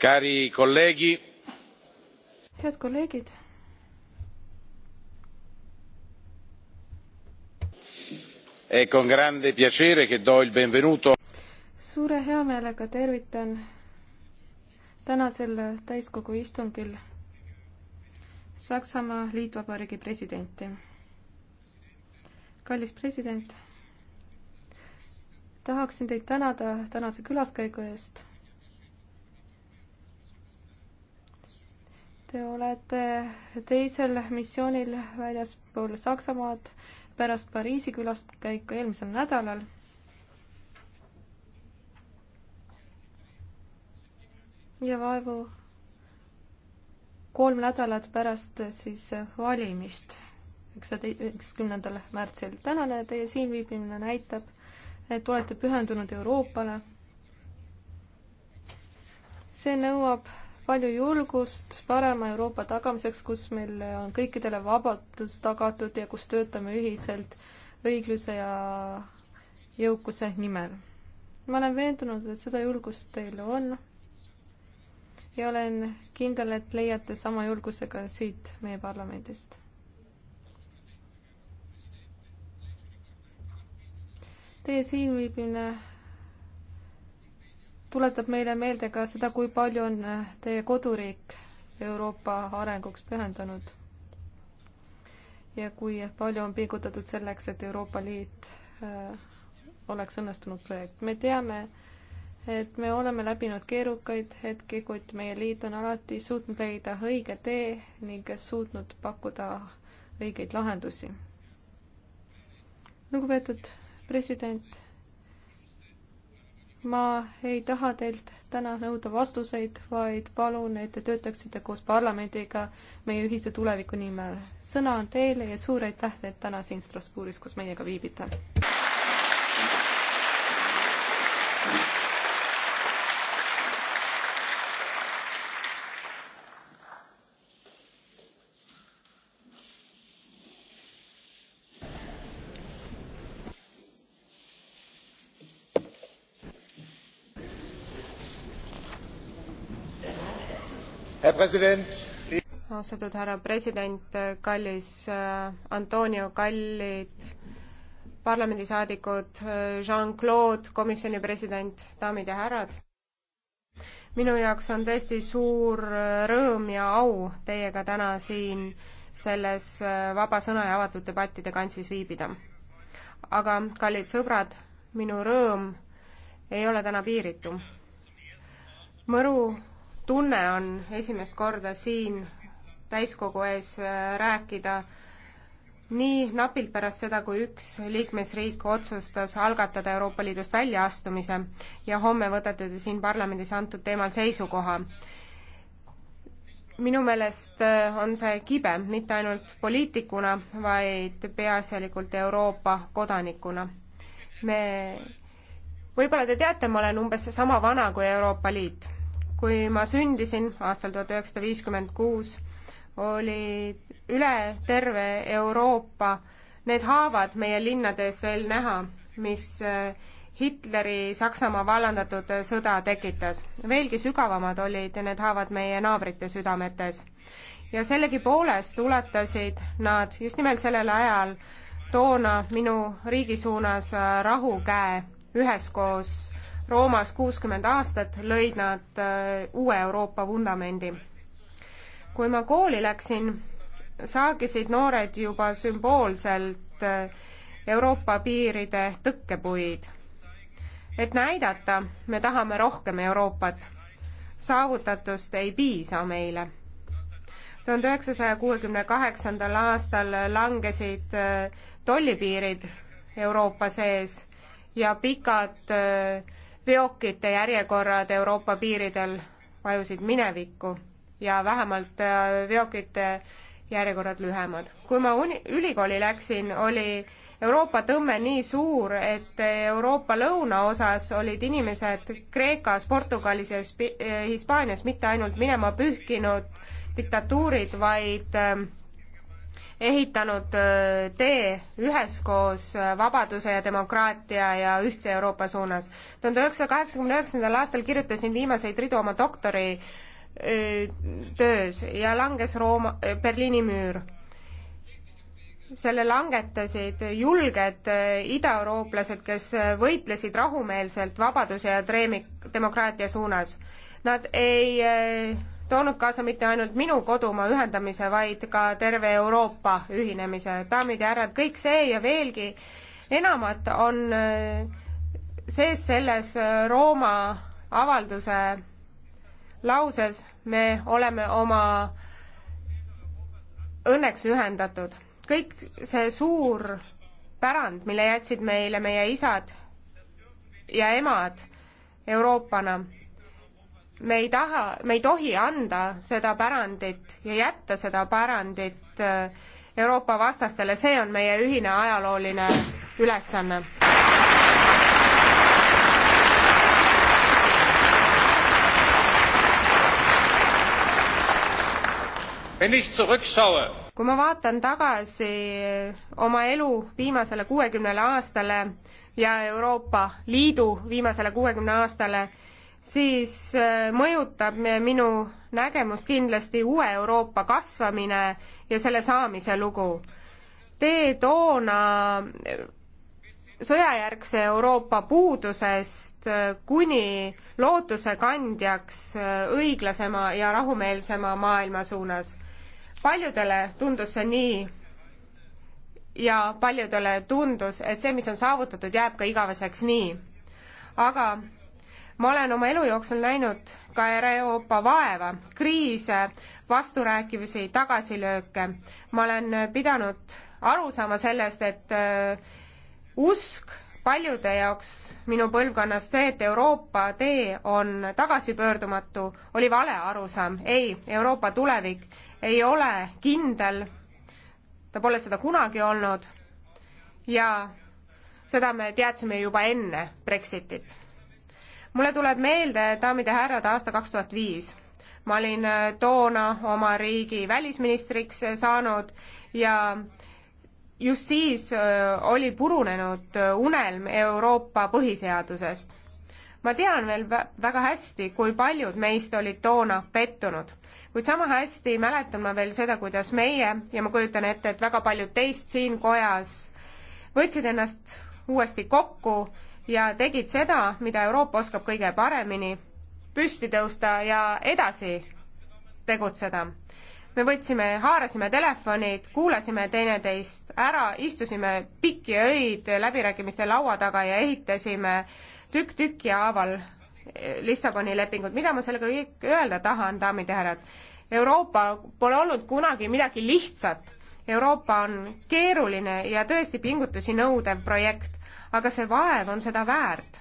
cari colleghi head kolleegid è con grande piacere che do il benvenuto suure heameelega tervitan tänasel täiskogu istungil Saksamaa Liitvabariigi presidenti. kallis president, tahaksin teid tänada tänase külaskäigu eest Te olete teisel missioonil väljaspool Saksamaad pärast Pariisi külastkäiku eelmisel nädalal ja vaevu kolm nädalat pärast siis valimist, üheksateistkümnendal märtsil. tänane teie siinviibimine näitab, et olete pühendunud Euroopale. see nõuab palju julgust parema Euroopa tagamiseks, kus meil on kõikidele vabadus tagatud ja kus töötame ühiselt õigluse ja jõukuse nimel. ma olen veendunud, et seda julgust teil on ja olen kindel, et leiate sama julguse ka siit meie parlamendist. Teie siinviibimine tuletab meile meelde ka seda, kui palju on äh, teie koduriik Euroopa arenguks pühendunud. ja kui palju on pingutatud selleks, et Euroopa Liit äh, oleks õnnestunud projekt. me teame, et me oleme läbinud keerukaid hetki, kuid meie liit on alati suutnud leida õige tee ning suutnud pakkuda õigeid lahendusi. lugupeetud president ma ei taha teilt täna nõuda vastuseid, vaid palun, et te töötaksite koos parlamendiga meie ühise tuleviku nimel. sõna on teile ja suur aitäh, et täna siin Strasbourgis koos meiega viibite. austatud härra president, kallis äh, Antonio, kallid parlamendisaadikud, äh, Jean-Claude, komisjoni president, daamid ja härrad. minu jaoks on tõesti suur äh, rõõm ja au teiega täna siin selles vaba sõna ja avatud debattide kantsis viibida. aga, kallid sõbrad, minu rõõm ei ole täna piiritu. mõru tunne on esimest korda siin täiskogu ees äh, rääkida nii napilt pärast seda, kui üks liikmesriik otsustas algatada Euroopa Liidust väljaastumise ja homme võtate te siin parlamendis antud teemal seisukoha. minu meelest äh, on see kibe mitte ainult poliitikuna, vaid peaasjalikult Euroopa kodanikuna. me, võib-olla te teate, ma olen umbes sama vana kui Euroopa Liit kui ma sündisin aastal tuhat üheksasada viiskümmend kuus, olid üle terve Euroopa need haavad meie linnades veel näha, mis äh, Hitleri Saksamaa vallandatud äh, sõda tekitas. veelgi sügavamad olid need haavad meie naabrite südametes. ja sellegipoolest ulatasid nad just nimelt sellel ajal toona minu riigi suunas äh, rahu käe üheskoos Roomas kuuskümmend aastat, lõid nad äh, uue Euroopa vundamendi. kui ma kooli läksin, saagisid noored juba sümboolselt äh, Euroopa piiride tõkkepuid. et näidata, me tahame rohkem Euroopat. saavutatust ei piisa meile tuhande üheksasaja kuuekümne kaheksandal aastal langesid äh, tollipiirid Euroopa sees ja pikad veokite järjekorrad Euroopa piiridel vajusid minevikku ja vähemalt äh, veokite järjekorrad lühemad. kui ma uni-, ülikooli läksin, oli Euroopa tõmme nii suur, et Euroopa lõunaosas olid inimesed Kreekas, Portugalis ja Hispaanias mitte ainult minema pühkinud diktatuurid, vaid äh, ehitanud äh, tee üheskoos äh, vabaduse ja demokraatia ja ühtse Euroopa suunas. tuhande üheksasaja kaheksakümne üheksandal aastal kirjutasin viimaseid ridu oma doktori äh, töös ja langes Rooma, Berliini müür. selle langetasid julged idaeurooplased, kes võitlesid rahumeelselt vabaduse ja dreemi-, demokraatia suunas. Nad ei toonud kaasa mitte ainult minu kodumaa ühendamise, vaid ka terve Euroopa ühinemise. daamid ja härrad, kõik see ja veelgi enamat on äh, sees selles äh, Rooma avalduse lauses, me oleme oma õnneks ühendatud. kõik see suur pärand, mille jätsid meile meie isad ja emad Euroopana me ei taha, me ei tohi anda seda pärandit ja jätta seda pärandit äh, Euroopa vastastele, see on meie ühine ajalooline ülesanne. kui ma vaatan tagasi oma elu viimasele kuuekümnele aastale ja Euroopa Liidu viimasele kuuekümne aastale, siis äh, mõjutab minu nägemust kindlasti uue Euroopa kasvamine ja selle saamise lugu. Te toona äh, sõjajärgse Euroopa puudusest äh, kuni lootuse kandjaks õiglasema ja rahumeelsema maailma suunas. paljudele tundus see nii ja paljudele tundus, et see, mis on saavutatud, jääb ka igaveseks nii. aga ma olen oma elu jooksul näinud ka Euroopa vaeva, kriise, vasturääkivusi, tagasilööke. ma olen pidanud aru saama sellest, et äh, usk paljude jaoks minu põlvkonnast see, et Euroopa tee on tagasipöördumatu, oli vale arusaam. ei, Euroopa tulevik ei ole kindel, ta pole seda kunagi olnud ja seda me teadsime juba enne Brexitit mulle tuleb meelde, daamid ja härrad, aasta kaks tuhat viis ma olin äh, toona oma riigi välisministriks äh, saanud ja just siis äh, oli purunenud unelm Euroopa põhiseadusest. ma tean veel väga hästi, kui paljud meist olid toona pettunud, kuid sama hästi mäletan ma veel seda, kuidas meie ja ma kujutan ette, et väga paljud teist siin kojas võtsid ennast uuesti kokku ja tegid seda, mida Euroopa oskab kõige paremini, püsti tõusta ja edasi tegutseda. me võtsime, haarasime telefonid, kuulasime teineteist ära, istusime pikki öid läbirääkimiste laua taga ja ehitasime tükk tükki haaval eh, Lissaboni lepingut. mida ma sellega kõik öelda tahan, daamid ja härrad? Euroopa pole olnud kunagi midagi lihtsat. Euroopa on keeruline ja tõesti pingutusi nõudev projekt aga see vaev on seda väärt.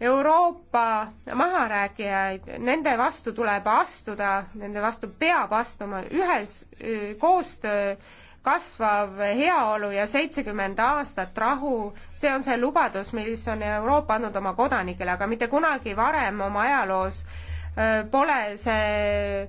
Euroopa maharääkijaid, nende vastu tuleb astuda, nende vastu peab astuma ühes koostöö kasvav heaolu ja seitsekümmend aastat rahu, see on see lubadus, mis on Euroopa andnud oma kodanikele, aga mitte kunagi varem oma ajaloos pole see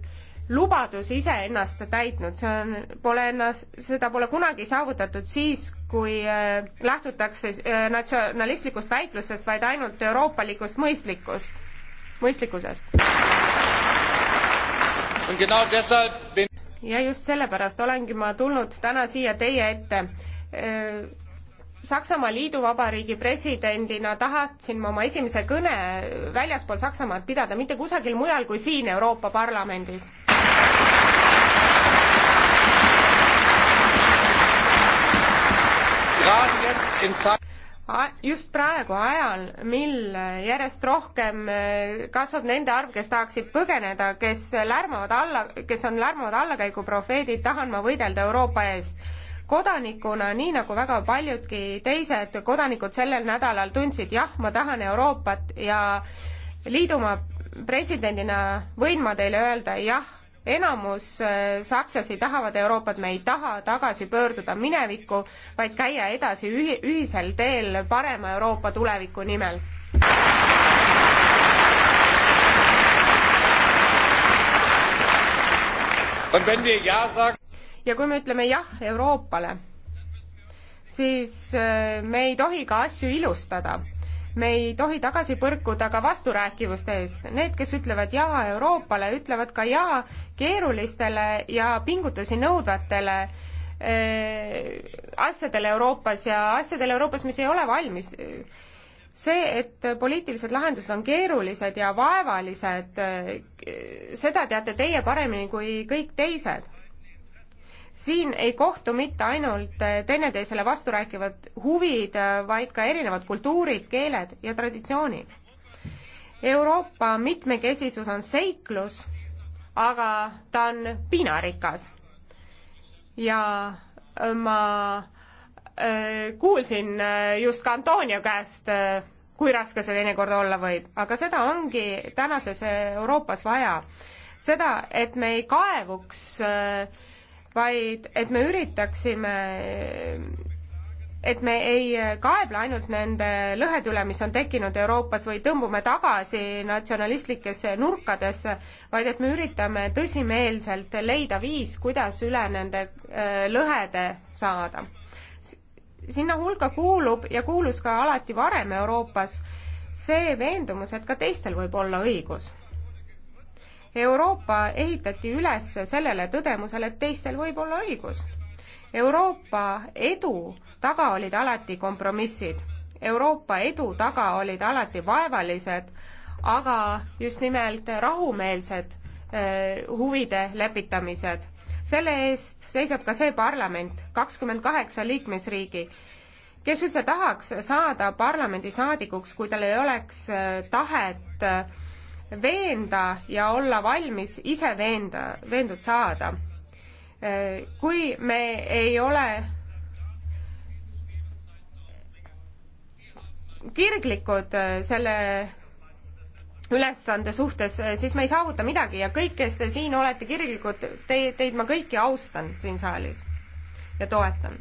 lubadus iseennast täitnud, see on, pole ennast, seda pole kunagi saavutatud siis, kui äh, lähtutakse äh, natsionalistlikust väitlusest, vaid ainult euroopalikust mõistlikust, mõistlikkusest. ja just sellepärast olengi ma tulnud täna siia teie ette. Äh, Saksamaa Liiduvabariigi presidendina tahtsin ma oma esimese kõne väljaspool Saksamaad pidada mitte kusagil mujal kui siin Euroopa Parlamendis just praegu ajal, mil järjest rohkem eh, kasvab nende arv, kes tahaksid põgeneda, kes lärmavad alla, kes on lärmavad allakäigu profeedid, tahan ma võidelda Euroopa eest kodanikuna, nii nagu väga paljudki teised kodanikud sellel nädalal tundsid, jah, ma tahan Euroopat ja liidumaa presidendina võin ma teile öelda jah, enamus äh, sakslasi tahavad Euroopat, me ei taha tagasi pöörduda minevikku, vaid käia edasi ühi-, ühisel teel parema Euroopa tuleviku nimel. ja kui me ütleme jah Euroopale, siis äh, me ei tohi ka asju ilustada me ei tohi tagasi põrkuda ka vasturääkivuste eest. Need, kes ütlevad jaa Euroopale, ütlevad ka jaa keerulistele ja pingutusi nõudvatele eh, asjadele Euroopas ja asjadele Euroopas, mis ei ole valmis. see, et poliitilised lahendused on keerulised ja vaevalised, eh, seda teate teie paremini kui kõik teised siin ei kohtu mitte ainult eh, teineteisele vasturääkivad huvid, eh, vaid ka erinevad kultuurid, keeled ja traditsioonid. Euroopa mitmekesisus on seiklus, aga ta on piinarikas. ja eh, ma kuulsin just ka Antonio käest, kui raske see teinekord olla võib, aga seda ongi tänases Euroopas vaja. seda, et me ei kaevuks äh, vaid et me üritaksime, et me ei kaeble ainult nende lõhede üle, mis on tekkinud Euroopas või tõmbume tagasi natsionalistlikesse nurkadesse, vaid et me üritame tõsimeelselt leida viis, kuidas üle nende äh, lõhede saada. sinna hulka kuulub ja kuulus ka alati varem Euroopas see veendumus, et ka teistel võib olla õigus Euroopa ehitati üles sellele tõdemusele, et teistel võib olla õigus. Euroopa edu taga olid alati kompromissid. Euroopa edu taga olid alati vaevalised, aga just nimelt rahumeelsed eh, huvide lepitamised. selle eest seisab ka see parlament, kakskümmend kaheksa liikmesriigi, kes üldse tahaks saada parlamendisaadikuks, kui tal ei oleks eh, tahet äh, veenda ja olla valmis ise veenda, veendud saada. kui me ei ole kirglikud äh, selle ülesande suhtes, äh, siis me ei saavuta midagi ja kõik, kes te siin olete kirglikud, te, teid ma kõiki austan siin saalis ja toetan.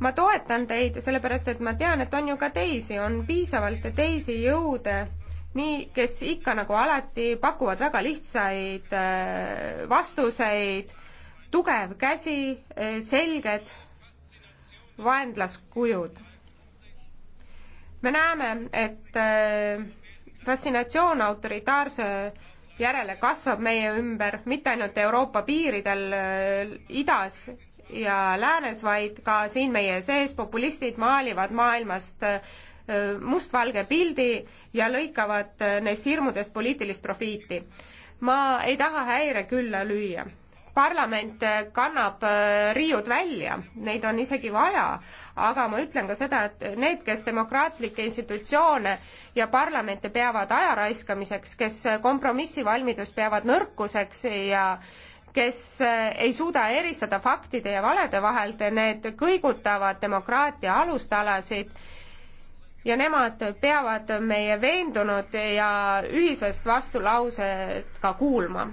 ma toetan teid sellepärast, et ma tean, et on ju ka teisi, on piisavalt teisi jõude nii, kes ikka nagu alati pakuvad väga lihtsaid äh, vastuseid, tugev käsi, äh, selged vaenlaskujud. me näeme, et äh, fassinatsioon autoritaarse järele kasvab meie ümber, mitte ainult Euroopa piiridel idas ja läänes, vaid ka siin meie sees populistid maalivad maailmast mustvalge pildi ja lõikavad neist hirmudest poliitilist profiiti. ma ei taha häire külla lüüa parlament kannab äh, riiud välja, neid on isegi vaja, aga ma ütlen ka seda, et need, kes demokraatlikke institutsioone ja parlamente peavad aja raiskamiseks, kes kompromissivalmidust peavad nõrkuseks ja kes äh, ei suuda eristada faktide ja valede vahelt, need kõigutavad demokraatia alustalasid ja nemad peavad meie veendunud ja ühisest vastulauset ka kuulma.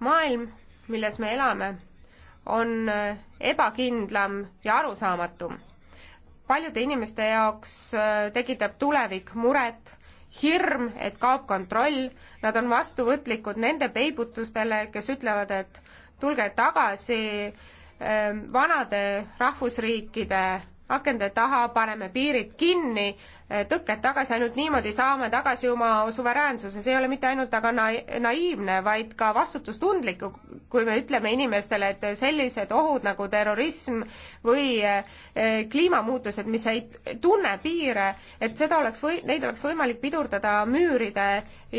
maailm, milles me elame, on ebakindlam ja arusaamatum. paljude inimeste jaoks tekitab tulevik muret hirm, et kaob kontroll, nad on vastuvõtlikud nende peibutustele, kes ütlevad, et tulge tagasi ehm, vanade rahvusriikide akende taha, paneme piirid kinni, eh, tõkked tagasi, ainult niimoodi saame tagasi oma suveräänsuse, see ei ole mitte ainult aga na-, naiivne, vaid ka vastutustundlik, kui me ütleme inimestele, et sellised ohud nagu terrorism või eh, kliimamuutused, mis ei tunne piire, et seda oleks või-, neid oleks võimalik pidurdada müüride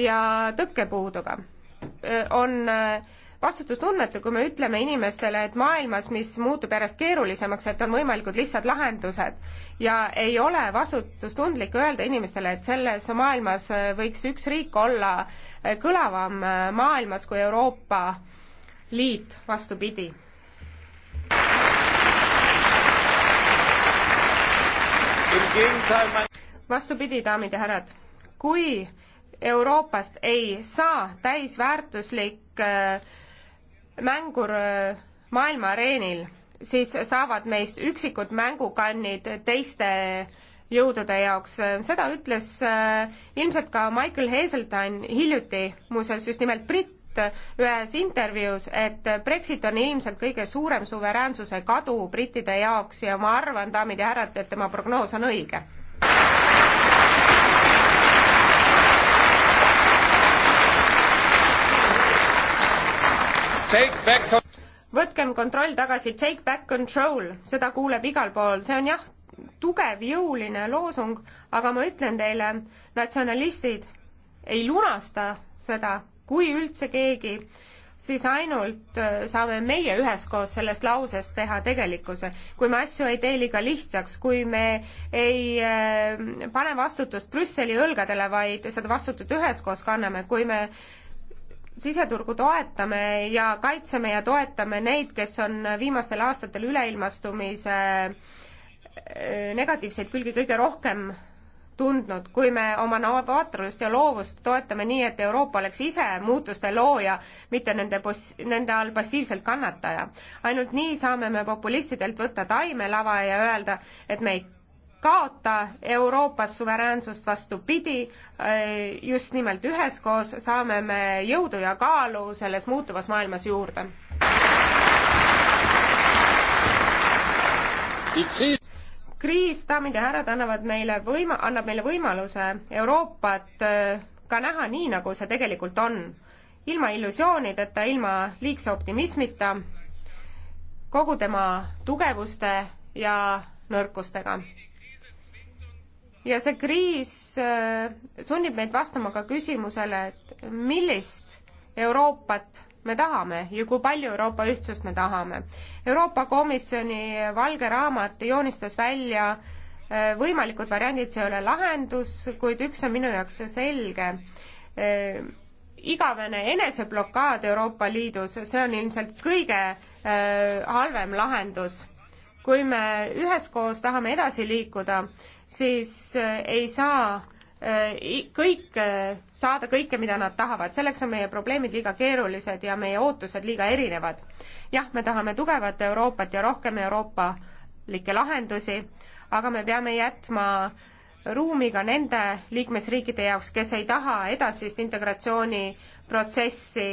ja tõkkepuuduga. Eh, on äh, vastutustunnetu, kui me ütleme inimestele, et maailmas, mis muutub järjest keerulisemaks, et on võimalikud lihtsad lahendused ja ei ole vastutustundlik öelda inimestele, et selles maailmas äh, võiks üks riik olla äh, kõlavam äh, maailmas kui Euroopa Liit, vastupidi vastupidi, daamid ja härrad, kui Euroopast ei saa täisväärtuslik äh, mängur äh, maailma areenil, siis saavad meist üksikud mängukannid teiste jõudude jaoks, seda ütles äh, ilmselt ka Michael Hazeltine hiljuti, muuseas just nimelt britt, ühes intervjuus, et Brexit on ilmselt kõige suurem suveräänsuse kadu brittide jaoks ja ma arvan, daamid ja härrad, et tema prognoos on õige võtkem kontroll tagasi, take back control, seda kuuleb igal pool, see on jah, tugev jõuline loosung, aga ma ütlen teile, natsionalistid ei lunasta seda, kui üldse keegi, siis ainult äh, saame meie üheskoos sellest lausest teha tegelikkuse. kui me asju ei tee liiga lihtsaks, kui me ei äh, pane vastutust Brüsseli õlgadele, vaid seda vastutust üheskoos kanname, kui me äh, siseturgu toetame ja kaitseme ja toetame neid, kes on viimastel aastatel üleilmastumise äh, negatiivseid külgi kõige rohkem tundnud, kui me oma novaatorlust ja loovust toetame nii, et Euroopa oleks ise muutuste looja, mitte nende pos-, nende all passiivselt kannataja. ainult nii saame me populistidelt võtta taime lava ja öelda, et me ei kaota Euroopas suveräänsust, vastupidi, eh, just nimelt üheskoos saame me jõudu ja kaalu selles muutuvas maailmas juurde. kriis, daamid ja härrad, annavad meile võima-, annab meile võimaluse Euroopat eh, ka näha nii, nagu see tegelikult on. ilma illusioonideta, ilma liigse optimismita, kogu tema tugevuste ja nõrkustega ja see kriis äh, sunnib meid vastama ka küsimusele, et millist Euroopat me tahame ja kui palju Euroopa ühtsust me tahame. Euroopa Komisjoni valge raamat joonistas välja äh, võimalikud variandid, see ei ole lahendus, kuid üks on minu jaoks selge. Äh, igavene eneseblokaad Euroopa Liidus, see on ilmselt kõige halvem lahendus kui me üheskoos tahame edasi liikuda, siis äh, ei saa äh, kõik, äh, saada kõike, mida nad tahavad, selleks on meie probleemid liiga keerulised ja meie ootused liiga erinevad. jah, me tahame tugevat Euroopat ja rohkem euroopalikke lahendusi, aga me peame jätma ruumi ka nende liikmesriikide jaoks, kes ei taha edasist integratsiooniprotsessi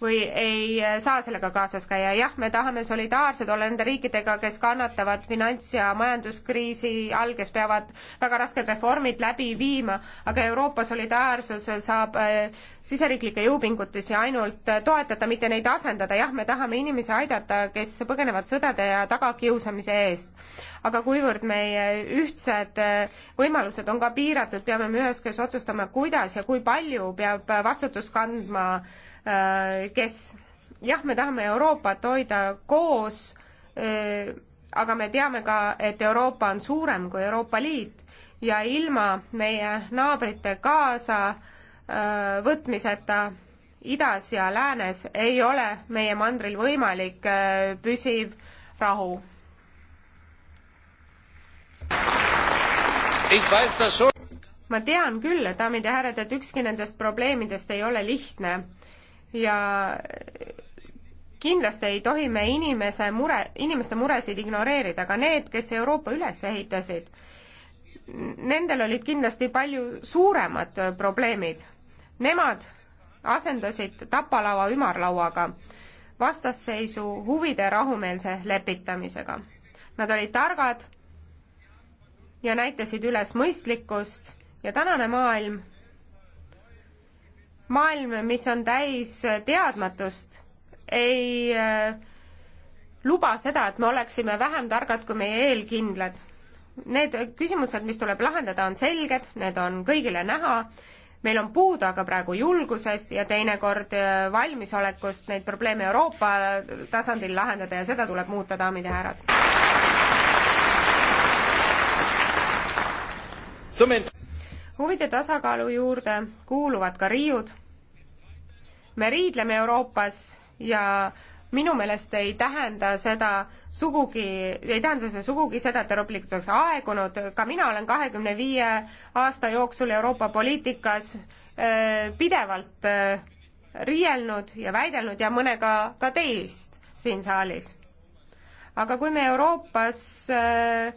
või ei äh, saa sellega kaasas käia. jah, me tahame solidaarsed olla nende riikidega, kes kannatavad finants- ja majanduskriisi all, kes peavad väga rasked reformid läbi viima, aga Euroopa solidaarsus saab äh, siseriiklikke jõupingutusi ainult äh, toetada, mitte neid asendada. jah, me tahame inimesi aidata, kes põgenevad sõdade ja tagakiusamise eest. aga kuivõrd meie ühtsed võimalused on ka piiratud, peame me üheskoos otsustama, kuidas ja kui palju peab vastutust kandma Äh, kes jah, me tahame Euroopat hoida koos, äh, aga me teame ka, et Euroopa on suurem kui Euroopa Liit ja ilma meie naabrite kaasa äh, võtmiseta idas ja läänes ei ole meie mandril võimalik püsiv rahu. ma tean küll, daamid ja härrad, et ükski nendest probleemidest ei ole lihtne ja kindlasti ei tohi me inimese mure, inimeste muresid ignoreerida, ka need, kes Euroopa üles ehitasid, nendel olid kindlasti palju suuremad probleemid. Nemad asendasid tapalava ümarlauaga, vastasseisu huvide rahumeelse lepitamisega. Nad olid targad ja näitasid üles mõistlikkust ja tänane maailm maailm, mis on täis teadmatust, ei äh, luba seda, et me oleksime vähem targad kui meie eelkindlad. Need küsimused, mis tuleb lahendada, on selged, need on kõigile näha, meil on puudu aga praegu julgusest ja teinekord äh, valmisolekust neid probleeme Euroopa tasandil lahendada ja seda tuleb muuta, daamid ja härrad huvide tasakaalu juurde kuuluvad ka riiud. me riidleme Euroopas ja minu meelest ei tähenda seda sugugi, ei tähenda see sugugi seda, et Euroopa Liit oleks aegunud, ka mina olen kahekümne viie aasta jooksul Euroopa poliitikas äh, pidevalt äh, riielnud ja väidelnud ja mõnega ka teist siin saalis. aga kui me Euroopas äh,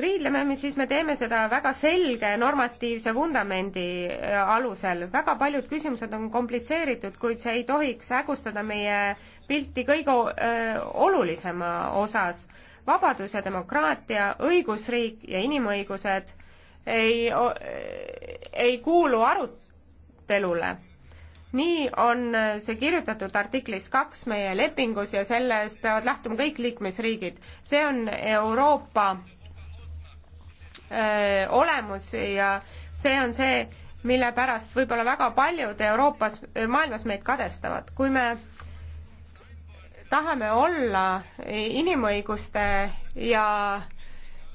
riidleme, siis me teeme seda väga selge normatiivse vundamendi äh, alusel. väga paljud küsimused on komplitseeritud, kuid see ei tohiks hägustada meie pilti kõige äh, olulisema osas. vabadus ja demokraatia, õigusriik ja inimõigused ei, äh, ei kuulu arutelule nii on see kirjutatud artiklis kaks meie lepingus ja selle eest peavad lähtuma kõik liikmesriigid. see on Euroopa öö, äh, olemus ja see on see, mille pärast võib-olla väga paljud Euroopas, maailmas meid kadestavad. kui me tahame olla inimõiguste ja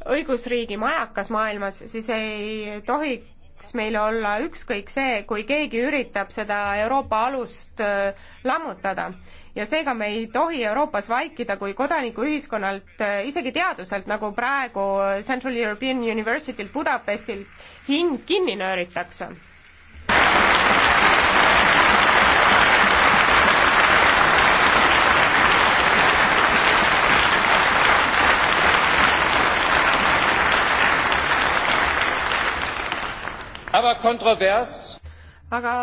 õigusriigi majakas maailmas, siis ei tohi tohiks meile olla ükskõik see, kui keegi üritab seda Euroopa alust lammutada. ja seega me ei tohi Euroopas vaikida, kui kodanikuühiskonnalt, isegi teaduselt, nagu praegu Central European University'l Budapestilt hing kinni nööritakse aga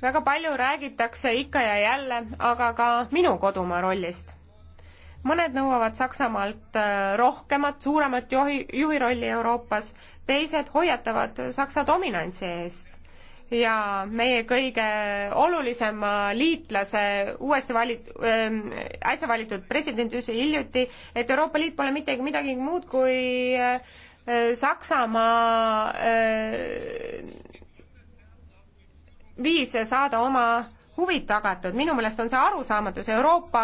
väga palju räägitakse ikka ja jälle, aga ka minu kodumaa rollist. mõned nõuavad Saksamaalt äh, rohkemat, suuremat juhi, juhi rolli Euroopas, teised hoiatavad Saksa dominantsi eest ja meie kõige olulisema liitlase uuesti valit- ähm,, äsja valitud president ütles hiljuti, et Euroopa Liit pole mitte midagi muud kui äh, Eh, Saksamaa eh, viis saada oma huvid tagatud, minu meelest on see arusaamatus, Euroopa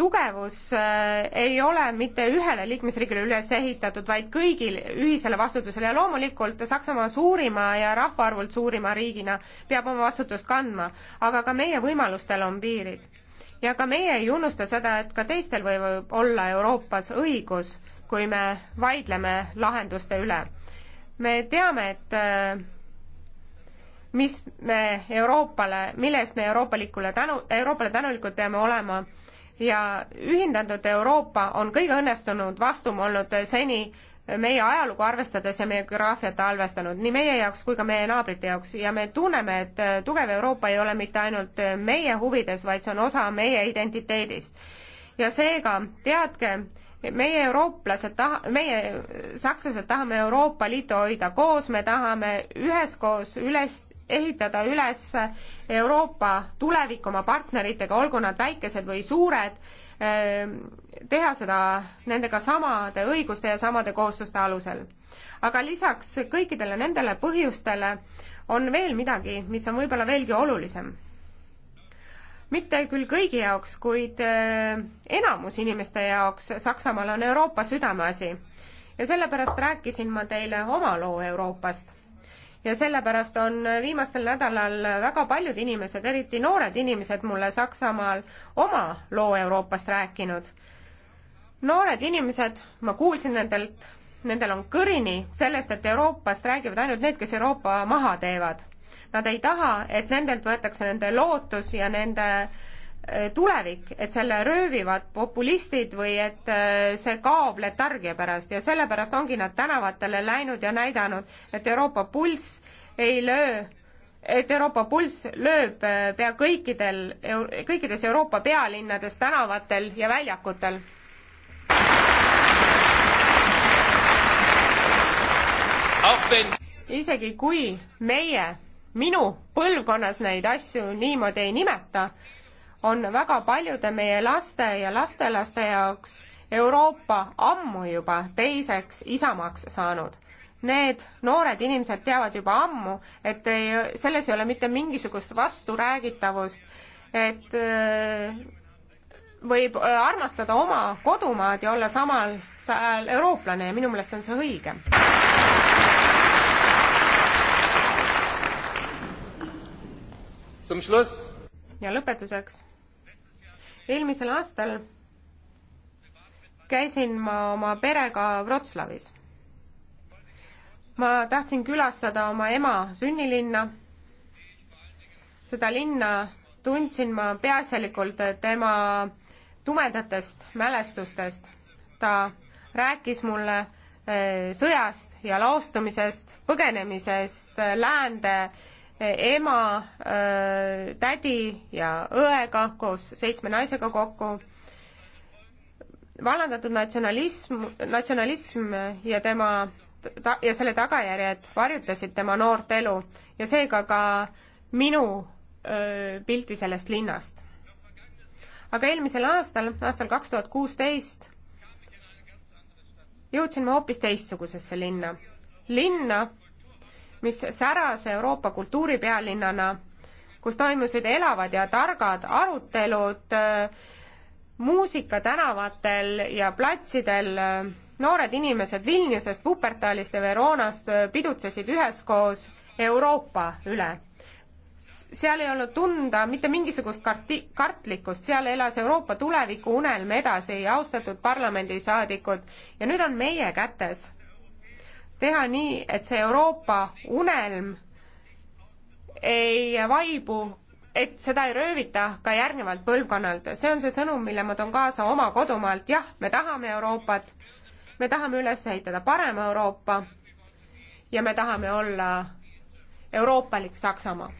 tugevus eh, ei ole mitte ühele liikmesriigile üles ehitatud, vaid kõigil ühisele vastutusele ja loomulikult Saksamaa suurima ja rahvaarvult suurima riigina peab oma vastutust kandma, aga ka meie võimalustel on piirid. ja ka meie ei unusta seda, et ka teistel võib olla Euroopas õigus kui me vaidleme lahenduste üle. me teame, et äh, mis me Euroopale, milles me euroopalikule tänu, Euroopale tänulikud peame olema ja ühendatud Euroopa on kõige õnnestunud vastum olnud seni meie ajalugu arvestades ja meie geograafiat arvestanud, nii meie jaoks kui ka meie naabrite jaoks ja me tunneme, et äh, tugev Euroopa ei ole mitte ainult äh, meie huvides, vaid see on osa meie identiteedist. ja seega teadke, meie, eurooplased taha-, meie, sakslased tahame Euroopa Liitu hoida koos, me tahame üheskoos üles, ehitada üles Euroopa tulevik oma partneritega, olgu nad väikesed või suured, ehm, teha seda nendega samade õiguste ja samade kohustuste alusel. aga lisaks kõikidele nendele põhjustele on veel midagi, mis on võib-olla veelgi olulisem mitte küll kõigi jaoks, kuid äh, enamus inimeste jaoks Saksamaal on Euroopa südameasi. ja sellepärast rääkisin ma teile oma loo Euroopast. ja sellepärast on viimastel nädalal väga paljud inimesed, eriti noored inimesed, mulle Saksamaal oma loo Euroopast rääkinud. noored inimesed, ma kuulsin nendelt, nendel on kõrini sellest, et Euroopast räägivad ainult need, kes Euroopa maha teevad Nad ei taha, et nendelt võetakse nende lootus ja nende äh, tulevik, et selle röövivad populistid või et äh, see kaob letargia pärast ja sellepärast ongi nad tänavatele läinud ja näidanud, et Euroopa pulss ei löö et Euroopa pulss lööb äh, pea kõikidel, kõikides Euroopa pealinnades, tänavatel ja väljakutel. isegi kui meie minu põlvkonnas neid asju niimoodi ei nimeta, on väga paljude meie laste ja lastelaste jaoks Euroopa ammu juba teiseks isamaaks saanud. Need noored inimesed teavad juba ammu, et ei, selles ei ole mitte mingisugust vasturäägitavust, et võib äh, armastada oma kodumaad ja olla samal ajal eurooplane ja minu meelest on see õige. ja lõpetuseks. eelmisel aastal käisin ma oma perega Wroclawis. ma tahtsin külastada oma ema sünnilinna. seda linna tundsin ma peaasjalikult tema tumedatest mälestustest. ta rääkis mulle eh, sõjast ja laostumisest, põgenemisest, läände ema, äh, tädi ja õega koos seitsme naisega kokku. vallandatud natsionalism, natsionalism ja tema ta, ja selle tagajärjed varjutasid tema noort elu ja seega ka minu öö, äh, pilti sellest linnast. aga eelmisel aastal, aastal kaks tuhat kuusteist, jõudsime hoopis teistsugusesse linna. linna, mis säras Euroopa kultuuripealinnana, kus toimusid elavad ja targad arutelud äh, muusikatänavatel ja platsidel. Äh, noored inimesed Vilniusest, Wuppertalist ja Veroonast äh, pidutsesid üheskoos Euroopa üle seal ei olnud tunda mitte mingisugust karti-, kartlikkust, seal elas Euroopa tuleviku unelm edasi, austatud parlamendisaadikud, ja nüüd on meie kätes teha nii, et see Euroopa unelm ei vaibu, et seda ei röövita ka järgnevalt põlvkonnalt. see on see sõnum, mille ma toon kaasa oma kodumaalt. jah, me tahame Euroopat, me tahame üles ehitada parema Euroopa ja me tahame olla euroopalik Saksamaa.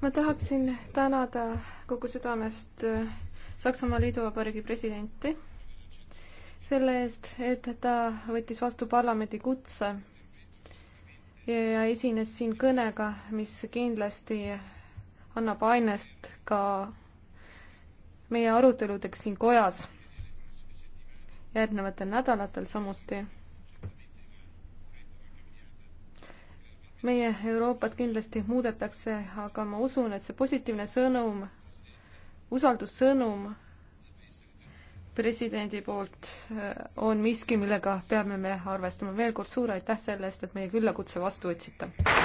ma tahaksin tänada kogu südamest äh, Saksamaa Liiduvabariigi presidenti selle eest, et ta võttis vastu parlamendi kutse ja esines siin kõnega, mis kindlasti annab ainest ka meie aruteludeks siin kojas järgnevatel nädalatel samuti meie Euroopat kindlasti muudetakse, aga ma usun, et see positiivne sõnum, usaldussõnum presidendi poolt äh, on miski, millega peame me arvestama. veel kord suur aitäh selle eest, et meie küllakutse vastu võtsite!